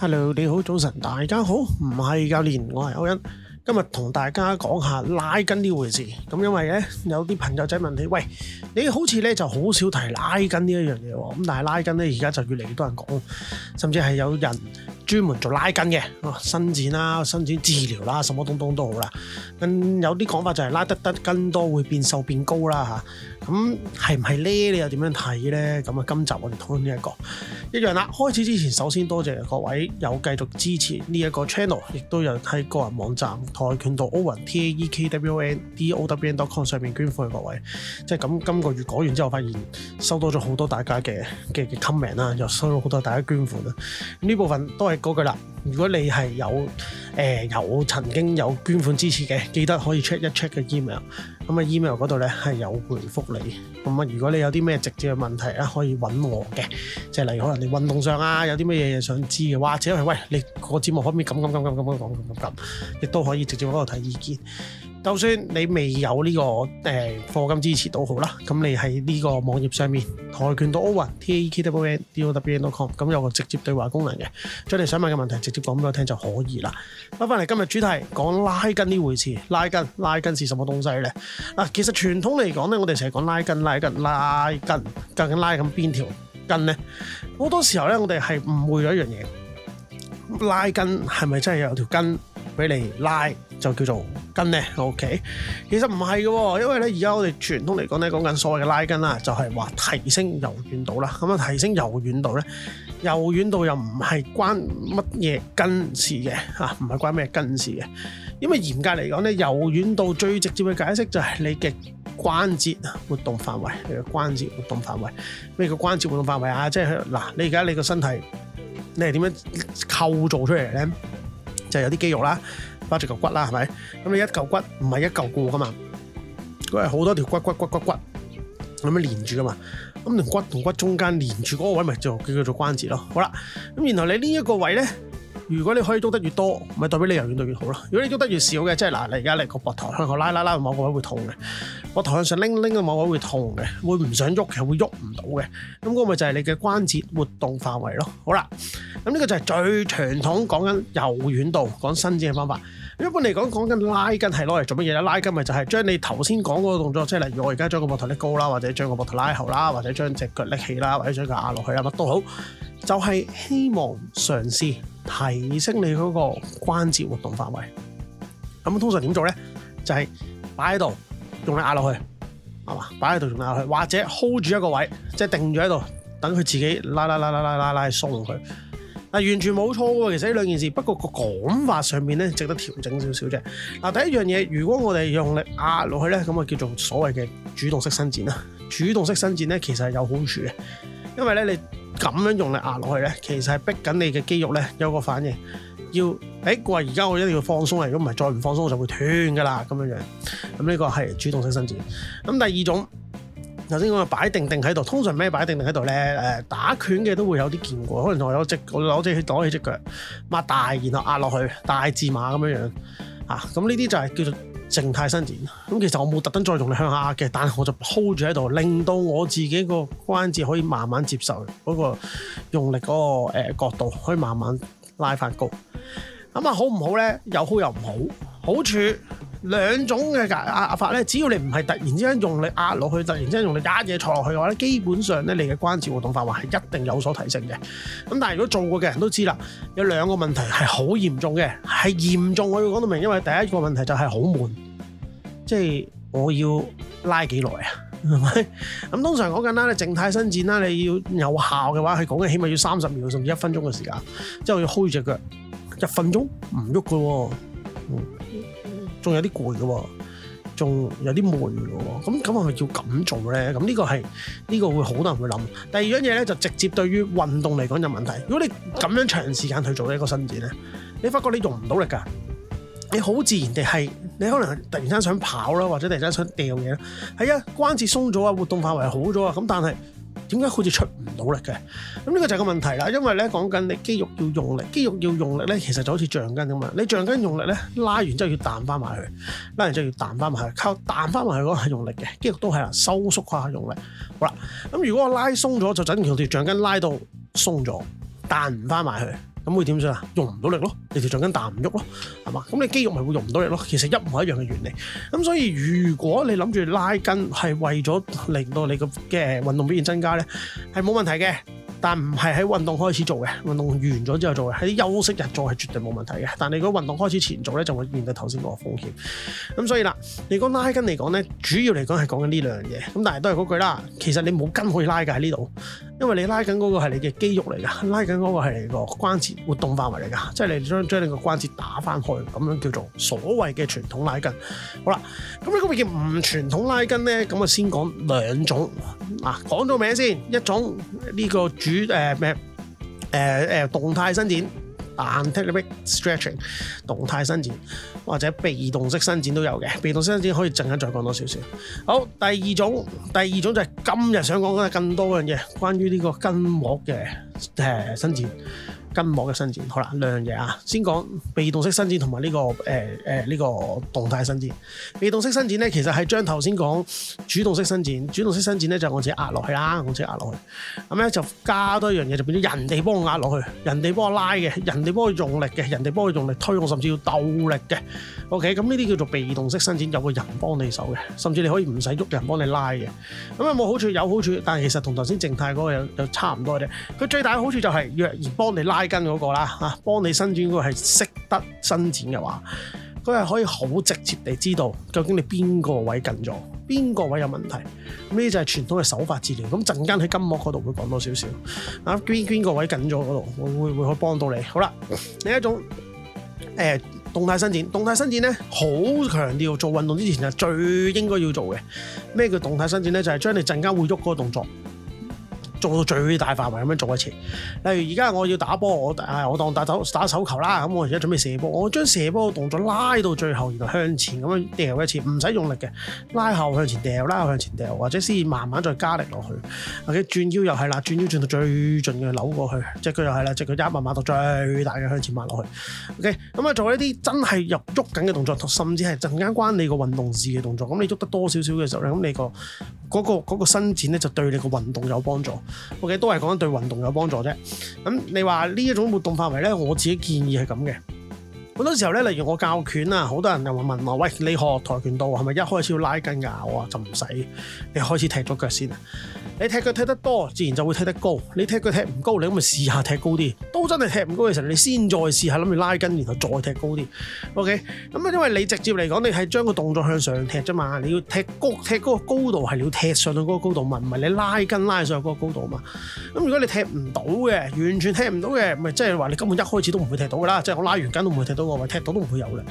Hello，你好，早晨，大家好，唔係教練，我係歐恩，今日同大家講下拉筋呢回事。咁因為咧有啲朋友仔問你，喂你好似咧就好少提拉筋呢一樣嘢喎。咁但係拉筋咧而家就越嚟越多人講，甚至係有人專門做拉筋嘅、啊，伸展啦、啊、伸展治療啦、啊，什麼東東都好啦。咁有啲講法就係拉得得筋多會變瘦變高啦嚇。咁係唔係呢？你又點樣睇呢？咁啊，今集我哋討論呢一個一樣啦。開始之前，首先多謝各位有繼續支持呢一個 channel，亦都有喺個人網站跆拳道 Owen T A E K W O N D O W E N dot com 上面捐款嘅各位。即係咁，今個月講完之後，發現收到咗好多大家嘅嘅 comment 啦，又收到好多大家捐款啦。呢部分都係嗰句啦。如果你係有誒有曾經有捐款支持嘅，記得可以 check 一 check 嘅 email。咁啊，email 嗰度咧係有回覆你。咁啊，如果你有啲咩直接嘅問題啊，可以揾我嘅，即係例如可能你運動上啊，有啲咩嘢想知嘅，或者係喂，你個節目可唔可以咁咁咁咁咁講咁咁，亦都可以直接喺度提意見。就算你未有呢個誒貨金支持都好啦，咁你喺呢個網頁上面跆拳道 Owen t a e k w o n d o w e n dot com，咁有個直接對話功能嘅，將你想問嘅問題直接講俾我聽就可以啦。翻返嚟今日主題，講拉筋呢回事，拉筋拉筋係什麼東西咧？嗱，其實傳統嚟講咧，我哋成日講拉筋拉筋拉筋，究竟拉緊邊條筋咧？好多時候咧，我哋係誤會咗一樣嘢，拉筋係咪真係有條筋俾你拉就叫做？跟咧，OK，其實唔係嘅，因為咧而家我哋傳統嚟講咧講緊所謂嘅拉筋啦，就係話提升柔軟度啦。咁啊，提升柔軟度咧，柔軟度又唔係關乜嘢筋事嘅啊，唔係關咩筋事嘅，因為嚴格嚟講咧，柔軟度最直接嘅解釋就係你嘅關節活動範圍，你嘅關節活動範圍，咩叫關節活動範圍啊？即係嗱、啊，你而家你個身體你係點樣構造出嚟咧？就係、有啲肌肉啦。包住嚿骨啦，係咪？咁你一嚿骨唔係一嚿固噶嘛，佢係好多條骨骨骨骨骨咁樣連住噶嘛。咁條骨同骨中間連住嗰個位，咪就叫叫做關節咯。好啦，咁然後你呢一個位咧，如果你可以喐得越多，咪代表你游遠度越好咯。如果你喐得越少嘅，即係嗱，你而家嚟個膊頭向後拉拉拉，某個位會痛嘅。我頭上拎拎嘅某位會痛嘅，會唔想喐嘅，會喐唔到嘅。咁嗰咪就係你嘅關節活動範圍咯。好啦，咁呢個就係最傳統講緊柔軟度，講伸展嘅方法。一般嚟講，講緊拉筋係攞嚟做乜嘢咧？拉筋咪就係將你頭先講嗰個動作，即係例如我而家將個膊頭拎高啦，或者將個膊頭拉後啦，或者將隻腳拎起啦，或者將佢壓落去啦，乜都好，就係希望嘗試提升你嗰個關節活動範圍。咁通常點做咧？就係擺喺度。用力壓落去，係嘛？擺喺度用力壓落去，或者 hold 住一個位，即係定咗喺度，等佢自己拉拉拉拉拉拉拉鬆佢。嗱、呃，完全冇錯喎。其實呢兩件事，不過個講法上面咧，值得調整少少啫。嗱、呃，第一樣嘢，如果我哋用力壓落去咧，咁啊叫做所謂嘅主動式伸展啦。主動式伸展咧，其實係有好處嘅，因為咧你咁樣用力壓落去咧，其實係逼緊你嘅肌肉咧有個反應。要誒，過而家我一定要放鬆啦。如果唔係再唔放鬆，我就會斷噶啦咁樣樣。咁、嗯、呢、這個係主動性伸展。咁、嗯、第二種頭先講擺定定喺度，通常咩擺定定喺度咧？打拳嘅都會有啲見過，可能同有隻我攞隻攞起隻腳擘大，然後壓落去大字馬咁樣樣啊。咁呢啲就係叫做靜態伸展。咁、嗯、其實我冇特登再同你向下壓嘅，但係我就 hold 住喺度，令到我自己個關節可以慢慢接受嗰、那個用力嗰、那個、呃、角度，可以慢慢拉翻高。咁啊，好唔好咧？又好又唔好。好處兩種嘅壓法咧，只要你唔係突然之間用力壓落去，突然之間用力壓嘢坐落去嘅話咧，基本上咧你嘅關節活動範圍係一定有所提升嘅。咁但係如果做過嘅人都知啦，有兩個問題係好嚴重嘅，係嚴重我要講到明。因為第一個問題就係好悶，即係我要拉幾耐啊，係咪？咁通常講緊啦，咧靜態伸展啦，你要有效嘅話，係講緊起碼要三十秒甚至一分鐘嘅時間，之後要 hold 住隻腳。一分鐘唔喐嘅喎，仲、喔嗯、有啲攰嘅喎，仲有啲悶嘅喎，咁咁係要咁做咧。咁呢個係呢、呢個會好多人會諗。第二樣嘢咧就直接對於運動嚟講有問題。如果你咁樣長時間去做一個伸展咧，你發覺你用唔到力㗎，你好自然地係你可能突然間想跑啦，或者突然間想掉嘢啦。係啊，關節鬆咗啊，活動範圍好咗啊，咁但係。點解好似出唔到力嘅？咁呢個就係個問題啦。因為咧講緊你肌肉要用力，肌肉要用力咧，其實就好似橡筋咁啊。你橡筋用力咧，拉完之後要彈翻埋去，拉完之後要彈翻埋去，靠彈翻埋去嗰個係用力嘅，肌肉都係啦，收縮下用力。好啦，咁如果我拉鬆咗，就整條條橡筋拉到鬆咗，彈唔翻埋去。咁會點算啊？用唔到力咯，你條橡筋彈唔喐咯，係嘛？咁你肌肉咪會用唔到力咯。其實一模一樣嘅原理。咁所以如果你諗住拉筋係為咗令到你個嘅運動表現增加咧，係冇問題嘅。但唔係喺運動開始做嘅，運動完咗之後做嘅，喺休息日做係絕對冇問題嘅。但你如果運動開始前做咧，就會面對頭先嗰個風險。咁所以啦，你講拉筋嚟講咧，主要嚟講係講緊呢兩樣嘢。咁但係都係嗰句啦，其實你冇筋可以拉㗎喺呢度。因為你拉緊嗰個係你嘅肌肉嚟㗎，拉緊嗰個係你個關節活動範圍嚟㗎，即係你將將你個關節打翻開，咁樣叫做所謂嘅傳統拉筋。好啦，咁呢個叫唔傳統拉筋咧，咁啊先講兩種，嗱、啊、講咗名先，一種呢個主誒咩誒誒動態伸展，彈 text a bit stretching 動態伸展或者被動式伸展都有嘅，被動式伸展可以陣間再講多少少。好，第二種，第二種就係今日想講嘅更多一樣嘢，關於呢個筋膜嘅誒、呃、伸展。筋膜嘅伸展，好啦，兩樣嘢啊，先講被動式伸展同埋呢個誒誒呢個動態伸展。被動式伸展咧，其實係將頭先講主動式伸展，主動式伸展咧就我自己壓落去啦，我自己壓落去，咁咧就加多一樣嘢，就變咗人哋幫我壓落去，人哋幫我拉嘅，人哋幫我用力嘅，人哋幫我用力，我用力推我，甚至要鬥力嘅。OK，咁呢啲叫做被動式伸展，有個人幫你手嘅，甚至你可以唔使喐有人幫你拉嘅。咁有冇好處？有好處，但係其實同頭先靜態嗰個有有差唔多啫。佢最大嘅好處就係、是、若然幫你拉。拉筋嗰個啦，啊，幫你伸展嗰個係識得伸展嘅話，佢係可以好直接地知道究竟你邊個位緊咗，邊個位有問題。咩就係傳統嘅手法治療。咁陣間喺筋膜嗰度會講多少少啊，邊邊個位緊咗嗰度，會會會可以幫到你。好啦，另一種誒、呃、動態伸展，動態伸展咧好強調做運動之前啊最應該要做嘅咩叫動態伸展咧？就係、是、將你陣間會喐嗰個動作。做到最大範圍咁樣做一次。例如而家我要打波，我誒我當打手打手球啦，咁我而家準備射波，我將射波嘅動作拉到最後，然後向前咁樣掉一次，唔使用，用力嘅，拉後向前掉，拉後向前掉，或者先慢慢再加力落去。O K，轉腰又係啦，轉腰轉到最盡嘅扭過去，即係佢又係啦，即佢一慢慢到最大嘅向前壓落去。O K，咁啊做一啲真係入喐緊嘅動作，甚至係陣間關你個運動時嘅動作。咁你喐得多少少嘅時候，咁你個。嗰個嗰個伸展呢，就對你個運動有幫助，OK 都係講緊對運動有幫助啫。咁你話呢一種活動範圍呢，我自己建議係咁嘅。好多時候咧，例如我教拳啊，好多人又問我：喂，你學跆拳道係咪一開始要拉筋㗎？我話就唔使，你開始踢咗腳先啊！你踢腳踢得多，自然就會踢得高。你踢腳踢唔高，你咁咪試下踢高啲。都真係踢唔高嘅時候，你先再試下諗住拉筋，然後再踢高啲。OK，咁啊，因為你直接嚟講，你係將個動作向上踢啫嘛。你要踢高，踢嗰個高度係你要踢上到嗰個高度嘛，唔係你拉筋拉上嗰個高度嘛。咁如果你踢唔到嘅，完全踢唔到嘅，咪即係話你根本一開始都唔會踢到㗎啦。即係我拉完筋都唔會踢到。踢到都唔會有嘅。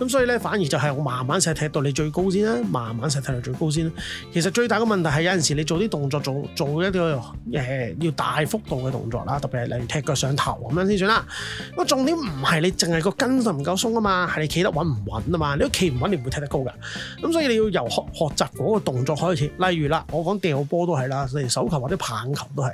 咁所以咧，反而就係我慢慢細踢到你最高先啦，啊，慢慢細踢到最高先啦，啊。其實最大嘅問題係有陣時你做啲動作做做一個誒要大幅度嘅動作啦，特別係例如踢腳上頭咁樣先算啦，啊。個重點唔係你淨係個筋度唔夠鬆啊嘛，係你企得穩唔穩啊嘛。你都企唔穩，你唔會踢得高噶。咁所以你要由學學習嗰個動作開始，例如啦，我講掉波都係啦，例如手球或者棒球都係。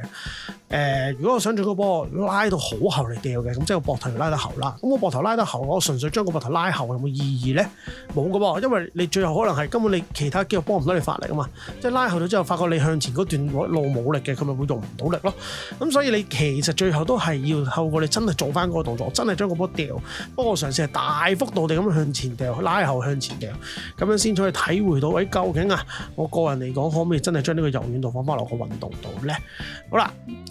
誒、呃，如果我想將個波拉到好後嚟掉嘅，咁即係個膊頭拉得後啦。咁我膊頭拉，拉得後，我純粹將個膊頭拉後有冇意義咧？冇噶噃，因為你最後可能係根本你其他肌肉幫唔到你發力啊嘛。即係拉後咗之後，發覺你向前嗰段路冇力嘅，佢咪會用唔到力咯。咁所以你其實最後都係要透過你真係做翻嗰動作，真係將個波掉，不過我嘗試係大幅度地咁向前掉，拉後向前掉，咁樣先可以體會到誒、哎、究竟啊，我個人嚟講可唔可以真係將呢個柔軟度放翻落個運動度咧？好啦。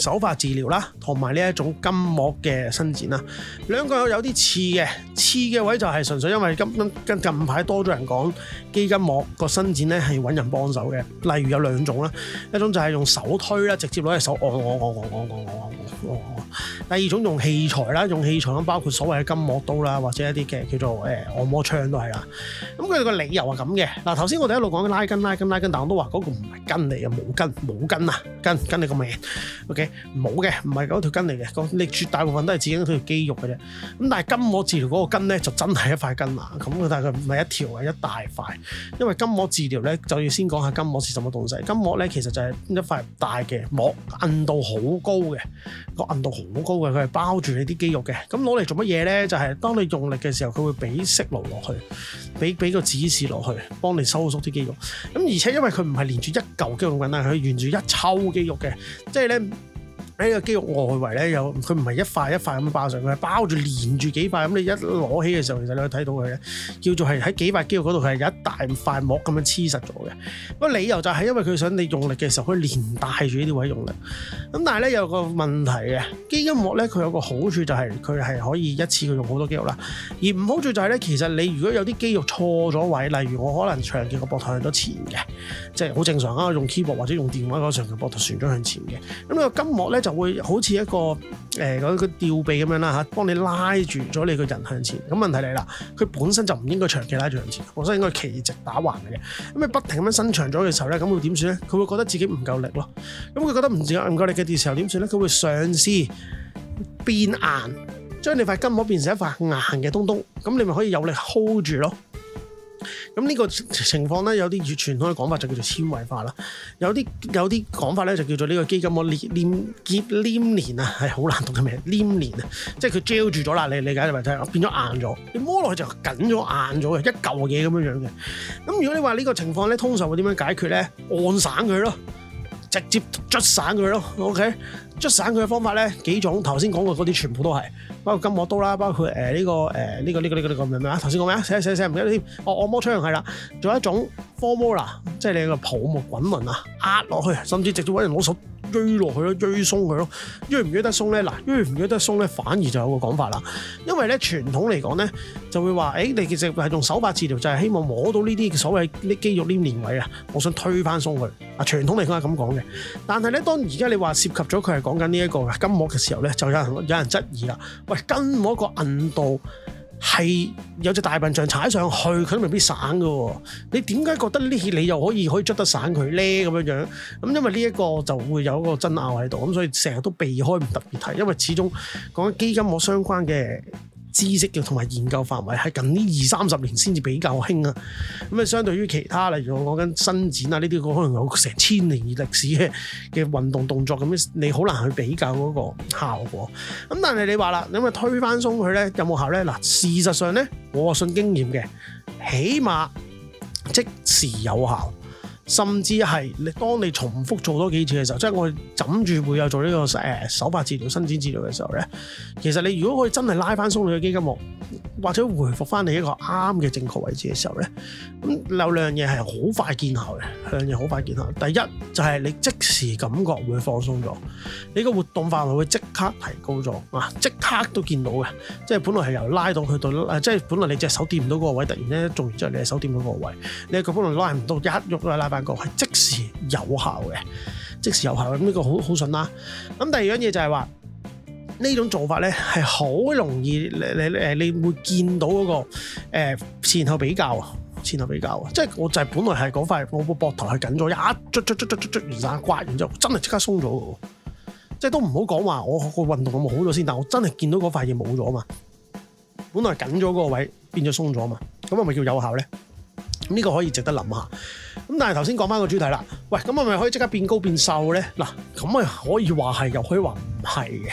手法治療啦，同埋呢一種筋膜嘅伸展啦，兩個有啲似嘅，似嘅位就係純粹因為今今近排多咗人講，肌筋膜個伸展咧係揾人幫手嘅，例如有兩種啦，一種就係用手推啦，直接攞隻手按按按按按按按按按，第二種用器材啦，用器材咁包括所謂嘅筋膜刀啦，或者一啲嘅叫做誒按摩槍都係啦，咁佢哋個理由係咁嘅，嗱頭先我哋一路講拉筋拉筋拉筋，但我都話嗰個唔係筋嚟嘅，冇筋冇筋啊，筋筋你個名。OK？冇嘅，唔係嗰條筋嚟嘅，個你絕大部分都係只係一條肌肉嘅啫。咁但係筋膜治療嗰個筋咧，就真係一塊筋啊。咁但係佢唔係一條啊，係一大塊。因為筋膜治療咧，就要先講下筋膜係什麼東西。筋膜咧其實就係一塊大嘅膜，韌度好高嘅，個韌度好高嘅，佢係包住你啲肌肉嘅。咁攞嚟做乜嘢咧？就係、是、當你用力嘅時候，佢會俾信號落去，俾俾個指示落去，幫你收縮啲肌肉。咁而且因為佢唔係連住一嚿肌肉韌帶，佢連住一抽肌肉嘅，即係咧。喺個肌肉外圍咧，有佢唔係一塊一塊咁包上去，係包住連住幾塊。咁你一攞起嘅時候，其實你可以睇到佢咧，叫做係喺幾塊肌肉嗰度，係有一大塊膜咁樣黐實咗嘅。個理由就係因為佢想你用力嘅時候，佢連帶住呢啲位用力。咁但係咧，有一個問題嘅，肌筋膜咧，佢有個好處就係佢係可以一次佢用好多肌肉啦。而唔好處就係、是、咧，其實你如果有啲肌肉錯咗位，例如我可能長期個膊頭向左前嘅，即係好正常啊，用 keyboard 或者用電話嗰時候，膊頭旋咗向前嘅。咁、呢個筋膜咧就～會好似一個誒、呃、個吊臂咁樣啦吓，幫你拉住咗你個人向前。咁問題嚟啦，佢本身就唔應該長期拉住向前，本身應該企直打橫嘅。咁你不停咁樣伸長咗嘅時候咧，咁會點算咧？佢會覺得自己唔夠力咯。咁佢覺得唔夠唔夠力嘅時候點算咧？佢會嘗試變硬，將你塊筋膜變成一塊硬嘅東東。咁你咪可以有力 hold 住咯。咁、這、呢個情況咧，有啲傳統嘅講法就叫做纖維化啦，有啲有啲講法咧就叫做呢個基金我黏黏結黏連啊，係好難讀嘅名黏連啊，即係佢 gel 住咗啦，你理解你咪聽，變咗硬咗，你摸落去就緊咗硬咗嘅一嚿嘢咁樣樣嘅。咁如果你話呢個情況咧，通常會點樣解決咧？按散佢咯。直接捽散佢 OK 捽散佢嘅方法呢，幾種，頭先講過嗰啲全部都係，包括金磨刀啦，包括誒呢、呃呢個誒呢、呃呢個呢、呢個呢、呢個咁明唔頭先講咩啊？寫寫寫唔記得添。我、哦、按摩槍係啦，仲有一種 formula，即係你個泡沫滾輪啊，壓落去，甚至直接揾人攞手。追落去咯，追鬆佢咯，追唔追得鬆咧？嗱，追唔追得鬆咧？反而就有個講法啦。因為咧傳統嚟講咧，就會話，誒、欸，你其實係用手法治療，就係、是、希望摸到呢啲所謂啲肌肉黏連位啊，我想推返鬆佢。啊，傳統嚟講係咁講嘅，但係咧當而家你話涉及咗佢係講緊呢一個嘅筋膜嘅時候咧，就有人有人質疑啦。喂，筋膜個韌度。係有隻大笨象踩上去，佢都未必散㗎喎。你點解覺得呢？你又可以可以捽得散佢咧？咁樣樣咁，因為呢一個就會有一個爭拗喺度，咁所以成日都避開唔特別睇，因為始終講緊基金我相關嘅。知識嘅同埋研究範圍喺近呢二三十年先至比較興啊，咁啊，相對於其他，例如我講緊伸展啊呢啲可能有成千年以歷史嘅嘅運動動作咁樣，你好難去比較嗰個效果。咁但係你話啦，你咪推翻鬆佢咧，有冇效咧？嗱，事實上咧，我信經驗嘅，起碼即時有效。甚至係你當你重複做多幾次嘅時候，即係我枕住會有做呢、呢個誒、呃、手法治療、伸展治療嘅時候咧，其實你如果可以真係拉翻鬆你嘅基金喎。或者回復翻你一個啱嘅正確位置嘅時候咧，咁有兩樣嘢係好快見效嘅，兩樣嘢好快見效的。第一就係、是、你即時感覺會放鬆咗，你個活動範圍會即刻提高咗，啊即刻都見到嘅，即係本來係由拉到去到，即係本來你隻手掂唔到嗰個位，突然咧做完之後你隻手掂到嗰個位，你個本來拉唔到一喐都拉翻過，係即時有效嘅，即時有效嘅，咁呢個好好順利啦。咁第二樣嘢就係話。呢種做法咧係好容易你你誒你，你會見到嗰個誒前後比較啊，前後比較啊，即係我就係本來係嗰塊我我膊頭係緊咗，一捽捽捽捽捽捽完曬刮完之後，真係即刻鬆咗，即係都唔好講話我個運動咁好咗先，但係我真係見到嗰塊嘢冇咗嘛，本來緊咗嗰個位變咗鬆咗嘛，咁係咪叫有效咧？呢個可以值得諗下。咁但係頭先講翻個主題啦，喂，咁係咪可以即刻變高變瘦咧？嗱，咁啊可以話係又可以話唔係嘅。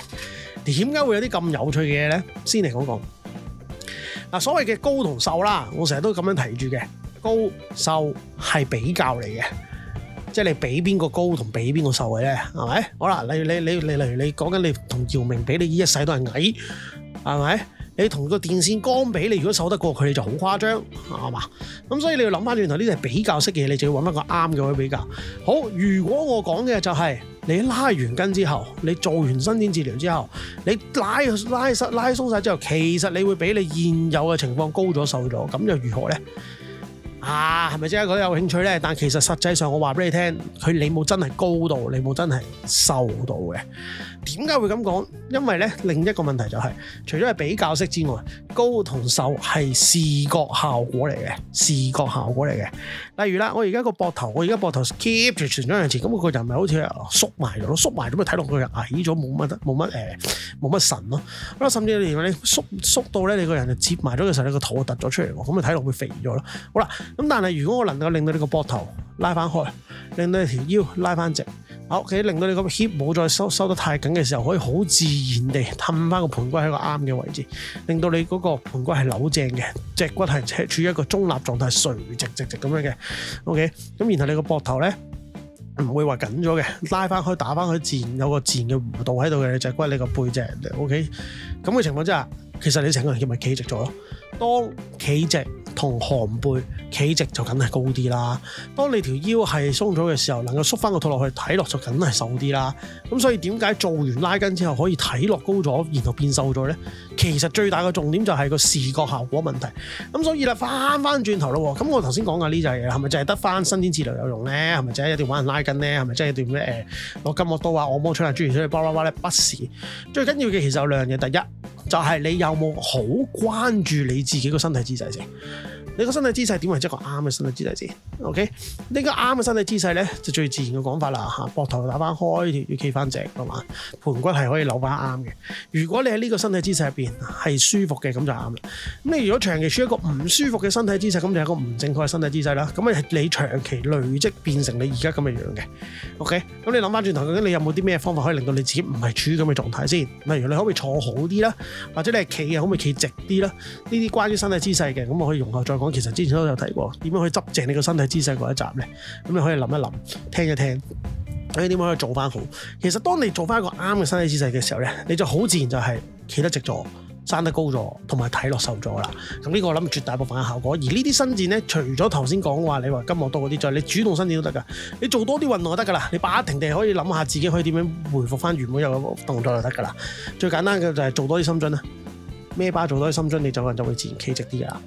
點解會有啲咁有趣嘅嘢咧？先嚟講講。嗱，所謂嘅高同瘦啦，我成日都咁樣提住嘅。高瘦係比較嚟嘅，即係你比邊個高同比邊個瘦嘅咧，係咪？好啦，例你你你例如你講緊你同姚明比，你呢一世都係矮，係咪？你同個電線杆比，你如果瘦得過佢，你就好誇張啊嘛。咁所以你要諗翻轉頭，呢啲係比較式嘅嘢，你就要搵一個啱嘅去比較。好，如果我講嘅就係、是。你拉完筋之後，你做完伸展治療之後，你拉拉甩拉鬆曬之後，其實你會比你現有嘅情況高咗瘦咗，咁又如何呢？啊，係咪真係覺得有興趣呢？但其實實際上我話俾你聽，佢你冇真係高到，你冇真係瘦到嘅。點解會咁講？因為呢，另一個問題就係、是，除咗係比較式之外，高同瘦係視覺效果嚟嘅，視覺效果嚟嘅。例如啦，我而家個膊頭，我而家膊頭 keep 住旋咗向前，咁我個人咪好似縮埋咗咯，縮埋咗咪睇落佢就矮咗，冇乜冇乜誒，冇乜、欸、神咯。咁甚至乎你，你縮縮到咧，你個人就折埋咗嘅時候，你個肚凸咗出嚟喎，咁咪睇落會肥咗咯。好啦，咁但係如果我能夠令到你個膊頭拉翻開，令到你條腰拉翻直。好，OK，令到你個 hip 冇再收收得太緊嘅時候，可以好自然地氹翻個盤骨喺個啱嘅位置，令到你嗰個盤骨係扭正嘅，脊骨係處於一個中立狀態，垂直直直咁樣嘅。O K，咁然後你個膊頭咧，唔會話緊咗嘅，拉翻去打翻佢自然有個自然嘅弧度喺度嘅脊骨，你背脊、okay？個背脊。O K，咁嘅情況之下，其實你成個人係咪企直咗咯？當企直同寒背，企直就梗係高啲啦。當你條腰係鬆咗嘅時候，能夠縮翻個套落去睇落就梗係瘦啲啦。咁所以點解做完拉筋之後可以睇落高咗，然後變瘦咗咧？其實最大嘅重點就係個視覺效果問題。咁所以啦，翻翻轉頭咯。咁我頭先講嘅呢啲嘢，係咪就係得翻新天治療有用咧？係咪就係一條玩人拉筋咧？係咪真係一段咩誒攞金鑊刀啊？按摩出嚟、啊，主完所以巴拉巴拉咧？不是。最緊要嘅其實有兩樣嘢，第一。就係你有冇好關注你自己個身體姿勢先？你個身體姿勢點樣係一個啱嘅身體姿勢先？OK，呢個啱嘅身體姿勢咧就最自然嘅講法啦嚇，膊頭打翻開，條腰企翻直，係嘛？盤骨係可以扭翻啱嘅。如果你喺呢個身體姿勢入邊係舒服嘅，咁就啱啦。咁你如果長期處一個唔舒服嘅身體姿勢，咁就係一個唔正確嘅身體姿勢啦。咁你長期累積變成你而家咁嘅樣嘅，OK？咁你諗翻轉頭，究竟你有冇啲咩方法可以令到你自己唔係處於咁嘅狀態先？例如你可唔可以坐好啲啦，或者你係企嘅可唔可以企直啲啦？呢啲關於身體姿勢嘅，咁我可以容後再講。其實之前都有提過，點樣去執正你個身體姿勢嗰一集咧，咁你可以諗一諗，聽一聽，所以點樣去做翻好？其實當你做翻一個啱嘅身體姿勢嘅時候咧，你就好自然就係企得直咗，生得高咗，同埋睇落瘦咗啦。咁呢個我諗絕大部分嘅效果。而呢啲伸展咧，除咗頭先講話你話筋膜多嗰啲之外，你主動伸展都得噶。你做多啲運動就得噶啦。你擺一停地可以諗下自己可以點樣回復翻原本有嘅動作就得噶啦。最簡單嘅就係做多啲深蹲啦，咩巴做多啲深蹲，你就可能就會自然企直啲噶啦。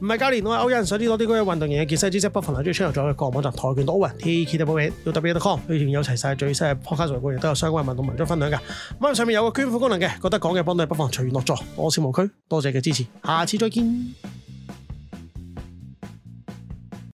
唔係教練我係歐文，想知多啲關於運動型嘅健身知識，不妨留意 channel 再去個網站跆拳道雲 taekwondowen.com 裏面有齊晒最新嘅 Podcast 上門，亦都有相關運動文，文，文章分享㗎。咁上面有個捐款功能嘅，覺得講嘅幫到你，不妨隨緣樂助。我是無區，多謝你嘅支持，下次再見。